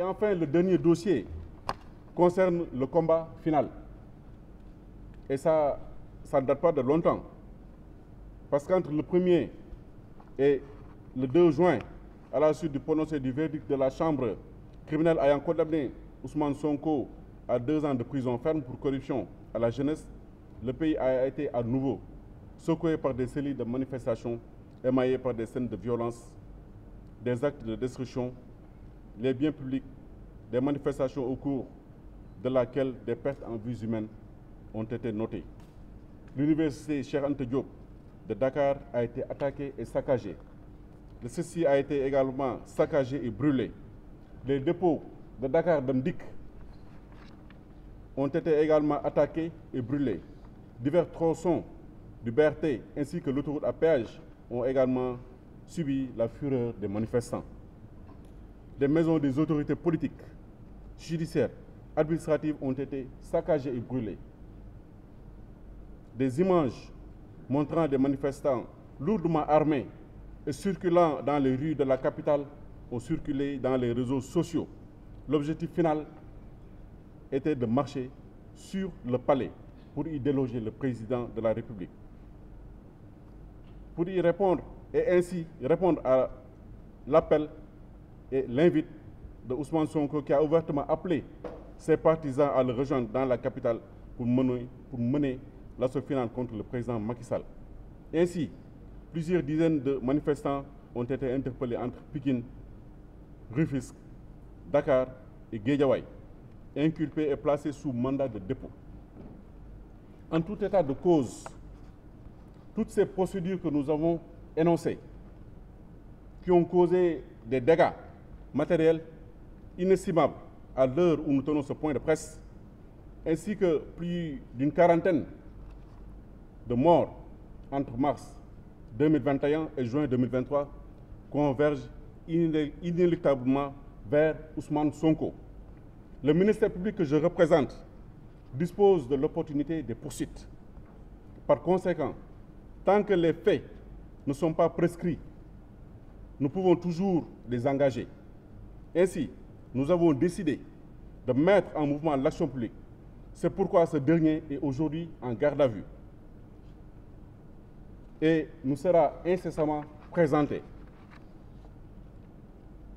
Et enfin, le dernier dossier concerne le combat final. Et ça, ça ne date pas de longtemps. Parce qu'entre le 1er et le 2 juin, à la suite du prononcé du verdict de la Chambre criminelle ayant condamné Ousmane Sonko à deux ans de prison ferme pour corruption à la jeunesse, le pays a été à nouveau secoué par des séries de manifestation émaillées par des scènes de violence, des actes de destruction les biens publics des manifestations au cours de laquelle des pertes en vies humaines ont été notées. L'université Cheikh Anta de Dakar a été attaquée et saccagée. Le ceci a été également saccagé et brûlé. Les dépôts de Dakar Demdik ont été également attaqués et brûlés. Divers tronçons du BRT ainsi que l'autoroute à péage ont également subi la fureur des manifestants. des maisons des autorités politiques, judiciaires, administratives ont été saccagées et brûlées. Des images montrant des manifestants lourdement armés et circulant dans les rues de la capitale ont circulé dans les réseaux sociaux. L'objectif final était de marcher sur le palais pour y déloger le président de la République. Pour y répondre et ainsi répondre à l'appel et l'invite de Ousmane Sonko qui a ouvertement appelé ses partisans à le rejoindre dans la capitale pour mener, pour mener l'assaut final contre le président Macky Sall. Ainsi, plusieurs dizaines de manifestants ont été interpellés entre Pikine, Rufisque, Dakar et Guédiawaye, inculpés et placés sous mandat de dépôt. En tout état de cause, toutes ces procédures que nous avons énoncées, qui ont causé des dégâts matériel inestimable à l'heure où nous tenons ce point de presse, ainsi que plus d'une quarantaine de morts entre mars 2021 et juin 2023 convergent inéluctablement vers Ousmane Sonko. Le ministère public que je représente dispose de des poursuites. Par conséquent, tant que les faits ne sont pas prescrits, nous pouvons toujours les engager. Ainsi, nous avons décidé de mettre en mouvement l'action publique. C'est pourquoi ce dernier est aujourd'hui en garde à vue et nous sera incessamment présenté.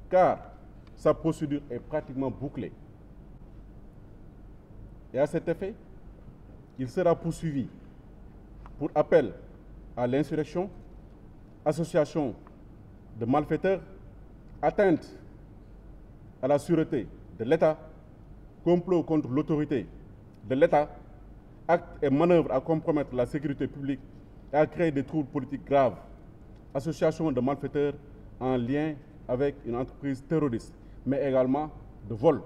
Car sa procédure est pratiquement bouclée. Et à cet effet, il sera poursuivi pour appel à l'insurrection, association de malfaiteurs, atteinte à la sûreté de l'État, complot contre l'autorité de l'État, actes et manœuvres à compromettre la sécurité publique et à créer des troubles politiques graves, association de malfaiteurs en lien avec une entreprise terroriste, mais également de vol.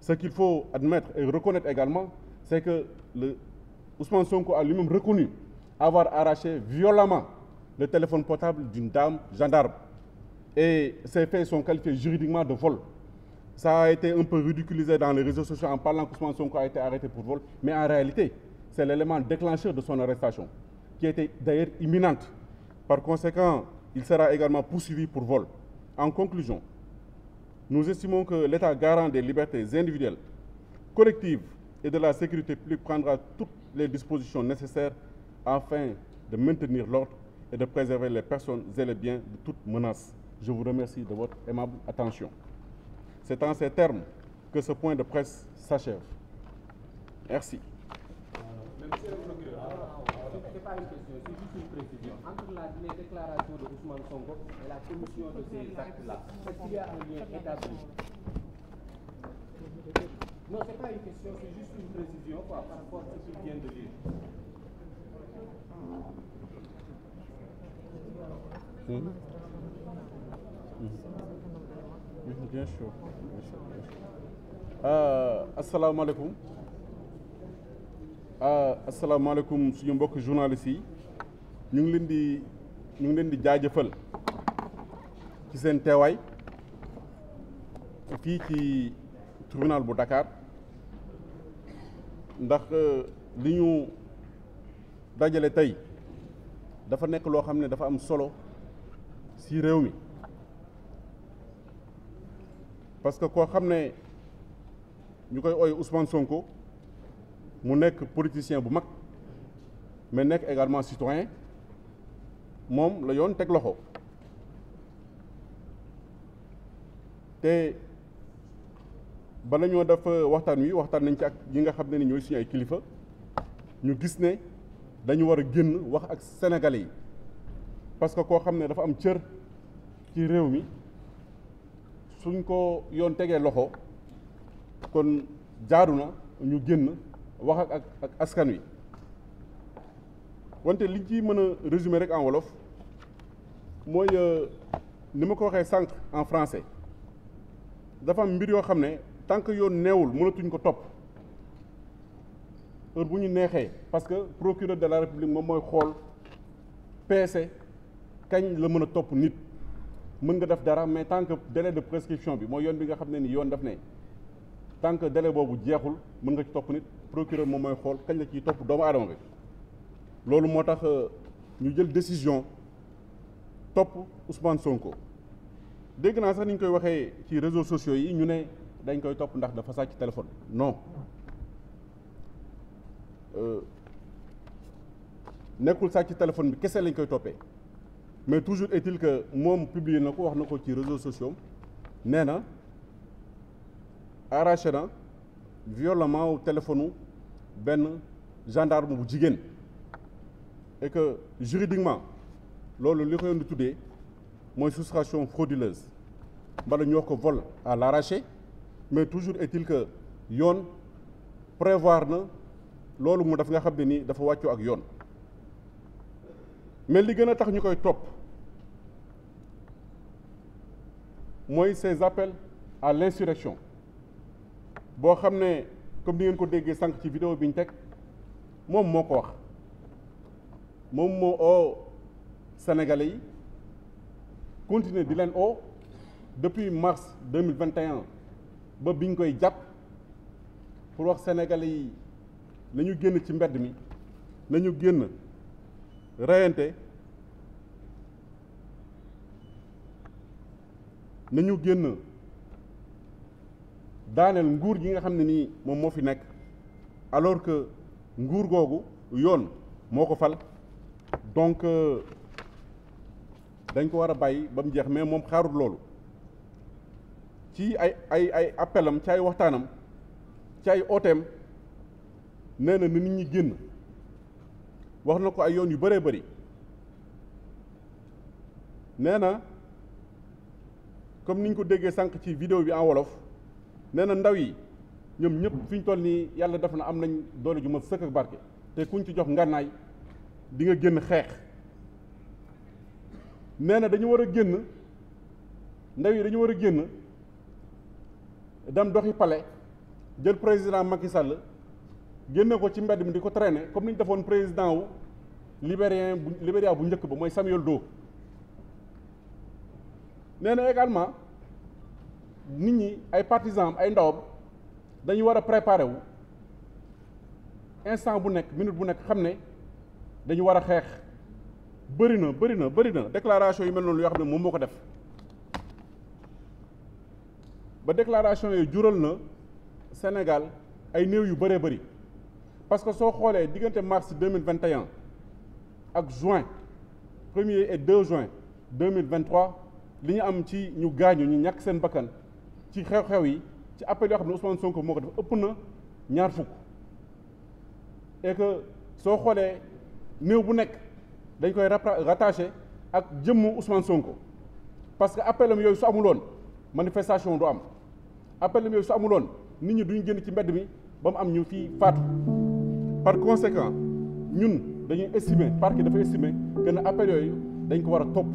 Ce qu'il faut admettre et reconnaître également, c'est que le Ousmane Sonko a lui-même reconnu avoir arraché violemment le téléphone portable d'une dame gendarme. et ces faits sont qualifiés juridiquement de vol. Ça a été un peu ridiculisé dans les réseaux sociaux en parlant qu'Ousmane Sonko a été arrêté pour vol, mais en réalité, c'est l'élément déclencheur de son arrestation, qui était d'ailleurs imminente. Par conséquent, il sera également poursuivi pour vol. En conclusion, nous estimons que l'État garant des libertés individuelles, collectives et de la sécurité publique prendra toutes les dispositions nécessaires afin de maintenir l'ordre et de préserver les personnes et les biens de Je vous remercie de votre aimable attention. C'est en ces termes que ce point de presse s'achève. Merci. C'est pas une question, c'est juste une précision. Entre la, les déclarations de Ousmane Sonko et la commission de ces actes-là, est-ce qu'il y a un lien établi? Non, c'est pas une question, c'est juste une précision quoi, par rapport à ce qu'il vient de dire. Mmh. bien sûr bien sûr suñu mbokk journalistes yi ñu ngi leen di ñu ngi leen di jaajëfal ci seen teewaay fii ci tribunal bu dakaar ndax euh, li ñu dajale tey dafa nekk loo xam ne dafa am solo si réew mi parce que koo xam ne ñu koy ooy Ousmane Sonko mu nekk politicien bu mag mais nekk également citoyen moom la yoon teg loxo te bala ñoo def waxtaan wi waxtaan nañ ci ak ñi nga xam ne ni ñooy suñu ay kilifa ñu gis ne dañu war a génn wax ak sénégalais yi parce que koo xam ne dafa am cër ci réew mi. suñ ko yoon tegee loxo kon jaaru na ñu génn wax ak ak askan wi wante liñ ci mën a résumer rek en wolof mooy euh, ni ma ko waxee sànq en français dafa am mbir yoo xam ne tant que yoon neewul mënatuñ ko topp heure bu ñu neexee parce que procureur de la république moom mooy xool peese kañ la mën a topp nit mën nga def dara mais tant que délai de prescription bi mooy yoon bi nga xam ne ni yoon daf ne tant que délai boobu jeexul mën nga ci topp nit procureur moom mooy xool kañ la ciy topp doomu aadama bi loolu moo tax euh, ñu jël décision topp Ousmane Sonko dégg naa sax ni ñu koy waxee ci réseaux sociaux yi ñu ne dañ koy topp ndax dafa sàcc téléphone non euh, nekkul sàcc téléphone bi kese lañ koy toppee mais toujours et il que moom publier na ko wax na ko ci réseaux sociaux nee na arraché na violemment téléphone benn gendarme bu jigéen et que juridiquement loolu li ko yoon di tuddee mooy soustraction frauduleuse mbala ñu wax ko vol à l'arraché mais toujours est-il que yoon prévoir na loolu mu daf nga xam ne nii dafa wàccoo ak yoon mais li gën a tax ñu koy topp mooy ces appels à l'insurrection boo xam ne comme ni ngeen ko déggee sànq ci vidéo bi ñu teg moom moo ko wax moom moo oo Sénégalais yi continuer di leen oo depuis mars deux mille vingt et ba biñ koy jàpp pour wax Sénégalais yi ñu génn ci mbedd mi nañu génn reyante nañu génn daaneel nguur gi nga xam ne nii moom moo fi nekk alors que nguur googu yoon moo ko fal donc euh, dañ ko war a bàyyi ba mu jeex mais moom xaarut loolu ci ay ay ay appelam ci ay waxtaanam ci ay ooteem nee na nit ñi génn wax na ko ay yoon yu baree bëri nee na comme niñ ko déggee sànq ci vidéo bi en wolof nee na ndaw yi ñoom ñëpp fi toll nii yàlla def na am nañ doole ju ma sëkk ak barke te kuñ ci jox ngànnaay dinga génn xeex nee na dañu war a génn ndaw yi dañu war a génn dem doxi pale jël président Macky Sall génne ko ci mbedd mi di ko traîner comme ni ñu defoon président wu Libérien bu Libéria bu njëkk ba mooy Samuel Doe nee na nit ñi ay partisans ay ndawam dañu war a préparer wu instant bu nekk minute bu nekk xam ne dañu war a xeex bëri na bëri na bëri na déclaration yu mel noonu yoo xam ne moom moo ko def ba déclaration yooyu jural na Sénégal ay néew yu bëree bëri parce que soo xoolee diggante mars deux mille ak juin premier et deux juin deux mille vingt li ñu am ci ñu gaañu ñu ñàkk seen bakkan ci xew-xew yi ci appel yoo xam ne Ousmane Sonko moo ko def ëpp na ñaar fukk et que soo xoolee néew bu nekk dañ koy rattaché ak jëmmu Ousmane Sonko parce que appel yooyu su amuloon manifestation du am appel am yooyu su amuloon nit ñi duñ génn ci mbedd mi ba mu am ñu fii faatu par conséquent ñun dañuy estimer parquet dafa estimer que ne appel yooyu dañ ko war a topp.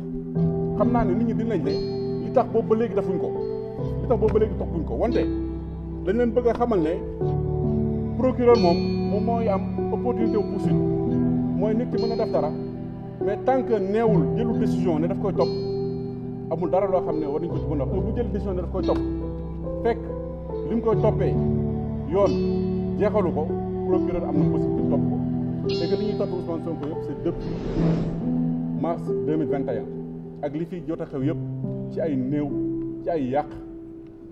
xam naa ne nit ñi dinañ ne li tax boobu ba léegi defuñ ko li tax boobu ba léegi toppuñ ko wante dañ leen bëgg a xamal ne procureur moom moom mooy am opportunité wu poursuite mooy nit ki mën a def dara mais tant que neewul jëlul décision ne daf koy topp amul dara loo xam ne war nañ ko ci mën a wax jël décision ne daf koy topp fekk li mu koy toppee yoon jeexalu ko procureur am na possibilité topp ko te que li ñuy topp Ousmane Sonko dëpp c'est depuis mars 2021 ak li fi jot a xew yëpp ci ay néew ci ay yàq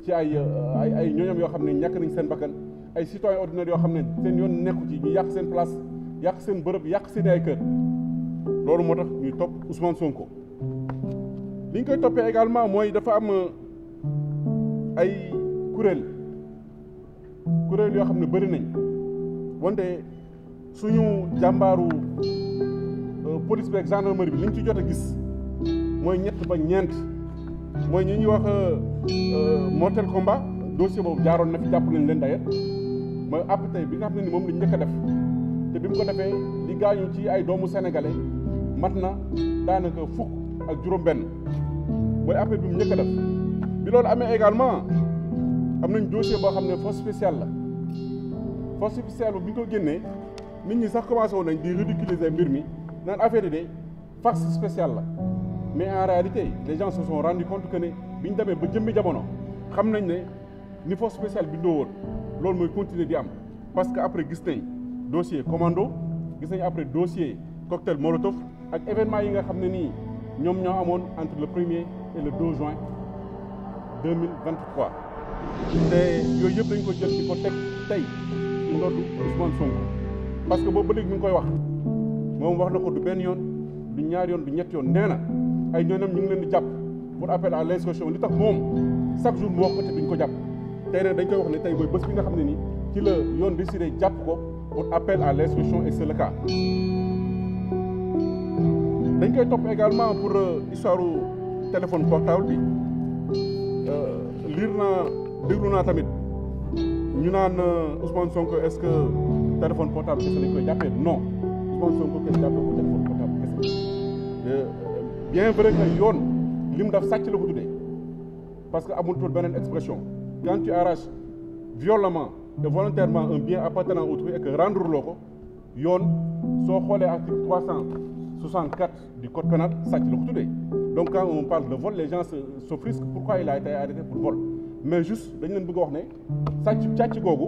ci ay euh, ay ay yoo xam ne ñàkk nañ seen bakkan ay citoyen ordinaire yoo xam ne seen yoon nekku ci ñu yàq seen place yàq seen bërëb yàq seen ay kër loolu moo tax ñuy topp Ousmane Sonko li ñu koy toppee également mooy dafa am euh, ay kuréel kuréel yoo xam ne bëri nañ wante suñu jàmbaaru euh, police bi ak gendarmerie bi liñ ci jot a gis mooy ñett ba ñeent mooy ñu ñuy wax euh, euh, mortel combat dossier boobu jaaroon na fi jàpp nañ leen dayet mooy àpp tey bi nga xam ne ni moom lañ njëkk def te bi mu ko defee li gaañu ci ay doomu sénégalais mat na daanaka fukk ak juróom-benn mooy appel bi mu njëkk a def bi loolu amee également am nañ dossier boo xam ne force spéciale la force spéciale bi ñu ko génnee nit ñi sax commencé woon nañ di ridiculiser mbir mi naan affaire yi de force spéciale la mais en réalité les gens se sont rendu compte que ne bi ñu ba jëmmi jamono xam nañ ne niveau spécial bi ndoo woon loolu mooy continuer di am parce que après gis nañ dossier commando gis nañ après dossier cocktail molotov ak événement yi nga xam ne nii ñoom ñoo amoon entre le premier et le 2 juin 2023 te yooyu yëpp dañ ko jël di ko teg tey ci ndoddu Ousmane Sonko parce que boobu ba léegi ñu ngi koy wax moo wax na ko du benn yoon du ñaar yoon du ñett yoon nee na ay ñoonam ñu ngi leen di jàpp pour appel à l'insurrection li tax moom chaque jour mu wax ko te duñ ko jàpp tey nag dañ koy wax ne tey mooy bés xam ne ni ci la yoon décidé jàpp ko pour appel à l'insurrection et c'est le cas dañ koy topp également pour euh, histoire téléphone portable bi euh, liir naa déglu naa tamit ñu naan euh, Ousmane Sonko est-ce que téléphone portal kese lañ koy jàppee non Ousmane Sonko kenn jàppee ko téléphone portable kese bien vrai que yoon li mu def sàcc la ko tuddee parce que amutul beneen expression quand tu arraches violemment et volontairement un bien appartenant à autrui et que rendre loo ko yoon soo xoolee article 364 du code pénal sàcc la ko tuddee donc quand on parle de vol les gens s'offusquent pourquoi il a été arrêté pour vol mais juste dañ leen bëgg a wax ne sàcc càcc googu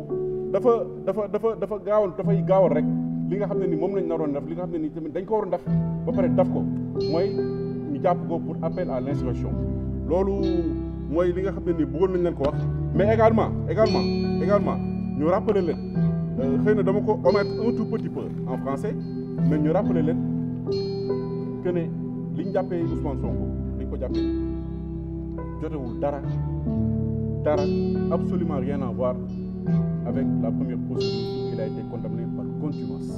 dafa dafa dafa dafa gaawal dafay gaawal rek li nga xam ne nii moom lañ naroon def li nga xam ne ni tamit dañ ko waroon def ba pare daf ko jàpp ko pour appel à l'insurrection loolu mooy li nga xam ne nii bëggoon nañ leen ko wax mais également également également ñu rappeler leen euh, xëy na dama ko omettre un tout petit peu en français mais ñu rappeler leen que ne liñ jàppee Ousmane Sonko liñ ko jàppee jotewul dara dara absolument rien à voir avec la première procédure il a été condamné par contumace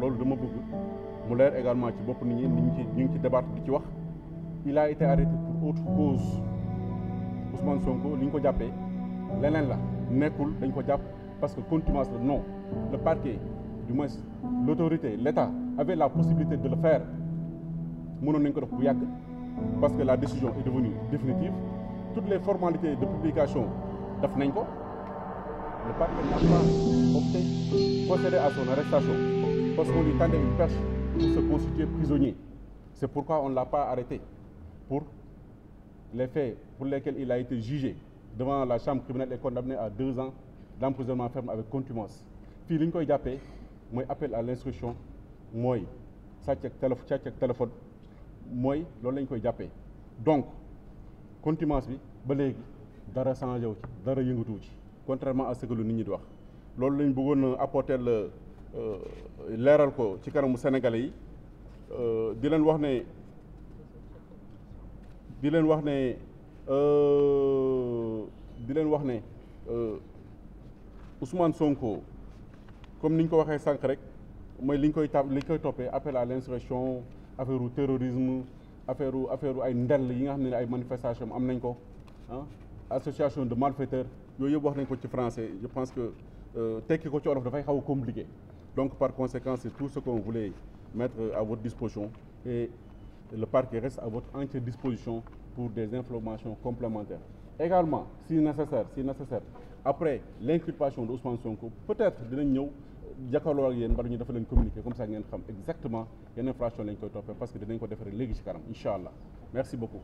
loolu dama bëgg mu leer également ci bopp nit ñi ñu ngi ci ñu ngi ci débat di ci wax il a été arrêté pour autre cause Ousmane Sonko li ñu ko jàppee leneen la nekkul dañ ko jàpp parce que contumace la non le parquet du moins l' autorité l' état avait la possibilité de le faire mënoon nañ ko def bu yàgg parce que la décision est devenue définitive toutes les formalité de publication def nañ ko le parquet n'a pas opté procéder à son arrestation parce qu'on lui tendait une perche ou se constituer prisonnier. C'est pourquoi on ne l'a pas arrêté pour les faits pour lesquels il a été jugé devant la chambre criminelle et condamné à deux ans d'emprisonnement ferme avec contumace fii li ñu koy jàppee mooy appel à l'instruction mooy sàcc ak télé téléphone mooy loolu lañ koy jàppee donc contumace bi ba léegi dara changé wu ci dara yëngatuwu ci contrairement à ce que lu nit ñi di wax loolu la bëggoon apporter le Euh, leeral ko ci kanamu sénégalais yi euh, di leen wax ne di leen wax ne euh, di leen wax ne Ousmane Sonko comme ni ñu ko waxee sànq rek mooy li ñu koy tab li koy toppee appel à l'insurrection affaire u terrorisme affaire affaire ay ndell yi nga xam ne ay manifestation am nañ ko ah association de malfaiteurs yooyu yëpp wax nañ ko ci français je pense que tekki ko ci olof dafay xaw a liggéey Donc par conséquent, c'est tout ce qu'on voulait mettre à votre disposition et le parquet reste à votre entière disposition pour des informations complémentaires. Également, si nécessaire, si nécessaire, après de d'Ousmane Sonko, peut-être dinañ ñëw jàkkaarloo ak yéen mbala ñu dafa leen communiqué comme ça ngeen xam exactement yan infraction lañ koy toppee parce que dinañ ko defaree léegi ci kanam incha allah merci beaucoup.